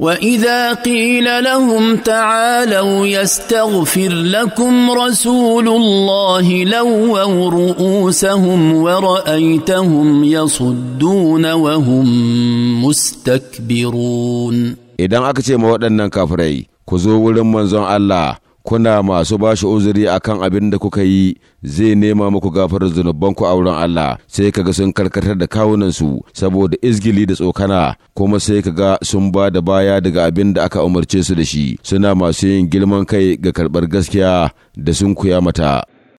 واذا قيل لهم تعالوا يستغفر لكم رسول الله لووا رؤوسهم ورايتهم يصدون وهم مستكبرون idan aka ce ma waɗannan kafirai ku zo wurin manzon Allah kuna masu ba shi uzuri a kan abin da kuka yi zai nema muku gafar zunubanku a wurin Allah sai kaga sun karkatar da kawunansu saboda izgili da tsokana kuma sai kaga sun ba da baya daga abin da aka umarce su da shi suna masu yin girman kai ga karɓar gaskiya da sun kuya mata